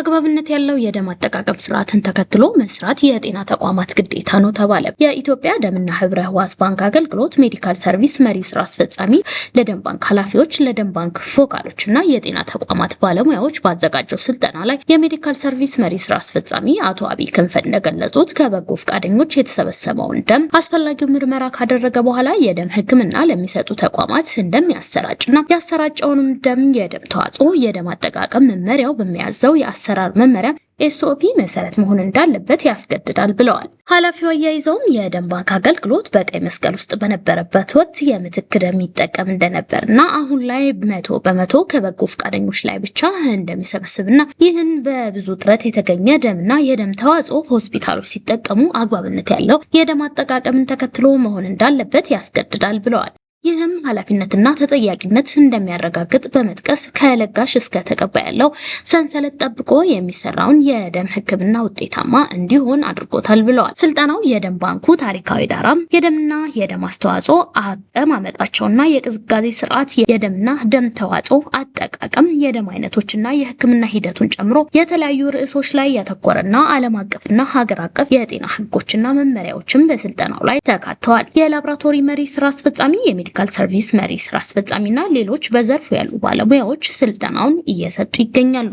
አግባብነት ያለው የደም አጠቃቀም ስርዓትን ተከትሎ መስራት የጤና ተቋማት ግዴታ ነው ተባለ። የኢትዮጵያ ደምና ህብረ ህዋስ ባንክ አገልግሎት ሜዲካል ሰርቪስ መሪ ስራ አስፈጻሚ ለደም ባንክ ኃላፊዎች፣ ለደም ባንክ ፎካሎች እና የጤና ተቋማት ባለሙያዎች ባዘጋጀው ስልጠና ላይ የሜዲካል ሰርቪስ መሪ ስራ አስፈጻሚ አቶ አብይ ክንፈ እንደገለጹት ከበጎ ፈቃደኞች የተሰበሰበውን ደም አስፈላጊው ምርመራ ካደረገ በኋላ የደም ህክምና ለሚሰጡ ተቋማት እንደሚያሰራጭና ያሰራጨውንም ደም የደም ተዋጽኦ የደም አጠቃቀም መመሪያው በሚያዘው አሰራር መመሪያ ኤስኦፒ መሰረት መሆን እንዳለበት ያስገድዳል ብለዋል። ኃላፊው አያይዘውም የደም ባንክ አገልግሎት በቀይ መስቀል ውስጥ በነበረበት ወቅት የምትክ ደም ይጠቀም እንደነበር እና አሁን ላይ መቶ በመቶ ከበጎ ፈቃደኞች ላይ ብቻ እንደሚሰበስብና ይህን በብዙ ጥረት የተገኘ ደምና የደም ተዋጽኦ ሆስፒታሎች ሲጠቀሙ አግባብነት ያለው የደም አጠቃቀምን ተከትሎ መሆን እንዳለበት ያስገድዳል ብለዋል። ይህም ኃላፊነትና ተጠያቂነት እንደሚያረጋግጥ በመጥቀስ ከለጋሽ እስከ ተቀባይ ያለው ሰንሰለት ጠብቆ የሚሰራውን የደም ሕክምና ውጤታማ እንዲሆን አድርጎታል ብለዋል። ስልጠናው የደም ባንኩ ታሪካዊ ዳራም፣ የደምና የደም አስተዋጽኦ አቀማመጣቸውና የቅዝቃዜ ስርዓት፣ የደምና ደም ተዋጽኦ አጠቃቀም፣ የደም አይነቶችና የሕክምና ሂደቱን ጨምሮ የተለያዩ ርዕሶች ላይ ያተኮረና ዓለም አቀፍና ሀገር አቀፍ የጤና ሕጎችና መመሪያዎችም በስልጠናው ላይ ተካተዋል። የላብራቶሪ መሪ ስራ አስፈጻሚ ሜዲካል ሰርቪስ መሪ ስራ አስፈጻሚና ሌሎች በዘርፉ ያሉ ባለሙያዎች ስልጠናውን እየሰጡ ይገኛሉ።